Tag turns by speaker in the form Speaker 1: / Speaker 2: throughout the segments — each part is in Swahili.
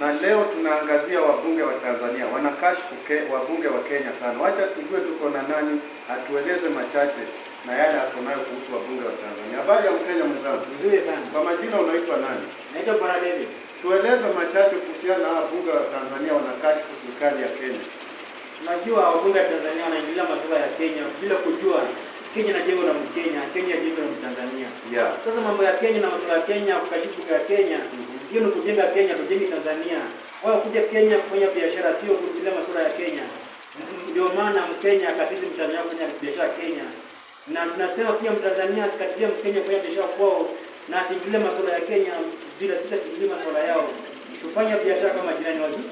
Speaker 1: na leo tunaangazia wabunge wa Tanzania. Wanakashifu wabunge wa Kenya sana. Wacha tujue tuko na nani, atueleze machache na yale nayo kuhusu wabunge wa Tanzania. Habari ya Mkenya mwenzangu? Nzuri sana. Kwa majina unaitwa nani?
Speaker 2: Naitwa Bwana David.
Speaker 1: Tueleze machache kuhusiana na wabunge wa Tanzania wanakashfu serikali ya Kenya.
Speaker 2: Najua wabunge wa Tanzania wanaingilia masuala ya Kenya bila kujua Kenya inajengwa na Mkenya, Kenya inajengwa na Mtanzania. Yeah. Sasa mambo ya Kenya na masuala ya Kenya, kukashifu ya Kenya mm -hmm hiyo ni kujenga Kenya, tujenge Tanzania. Wao kuja Kenya kufanya biashara, sio kuingilia masuala ya Kenya. Ndio maana Mkenya akatizi Mtanzania kufanya biashara Kenya, na tunasema pia Mtanzania asikatizie Mkenya kufanya biashara kwao na asiingilie masuala ya Kenya, bila sisi tuingilie masuala yao. Tufanye biashara kama jirani wazuri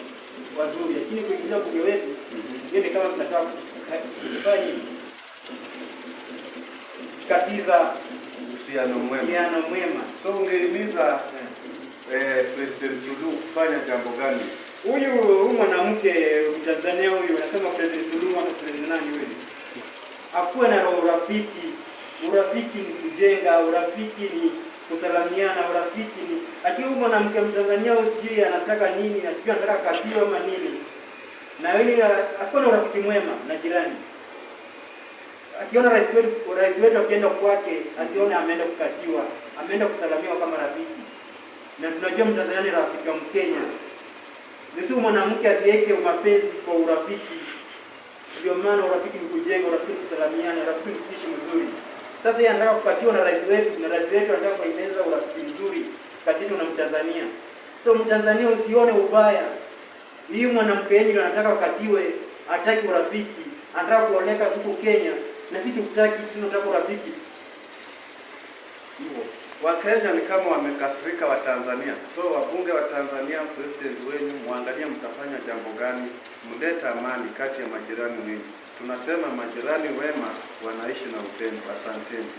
Speaker 2: wazuri, lakini kuingilia bunge wetu mhm. ndio kama tunataka kufanya katiza uhusiano mwema.
Speaker 1: So ungehimiza eh eh, President Suluhu kufanya jambo gani?
Speaker 2: Huyu mwanamke Mtanzania huyu anasema President Suluhu ama President nani wewe? hakuwa na roho urafiki. Urafiki ni kujenga, urafiki ni kusalamiana, urafiki ni lakini huyu mwanamke Mtanzania huyu sijui anataka nini, sijui anataka katiwa ama nini, na yeye hakuwa na urafiki mwema na jirani akiona rais wetu rais wetu akienda kwake asione ameenda kukatiwa, ameenda kusalamiwa kama rafiki na tunajua Mtanzania ni rafiki wa Mkenya. Ni si mwanamke asiweke mapenzi kwa urafiki. Ndio maana urafiki ni kujenga, urafiki ni kusalimiana, urafiki ni kuishi mzuri. Sasa yeye anataka kupatiwa na rais wetu, na rais wetu anataka kuendeleza urafiki mzuri kati yetu na Mtanzania. So Mtanzania usione ubaya. Ni mwanamke yeye ndio anataka ukatiwe, ataki urafiki, anataka kuoneka huko Kenya na sisi tukutaki, tunataka urafiki.
Speaker 1: Wakenya ni kama wamekasirika wa tanzania So wabunge wa Tanzania, president wenu, mwangalie mtafanya jambo gani, mlete amani kati ya majirani wenu. Tunasema majirani wema wanaishi na upendo. Asanteni.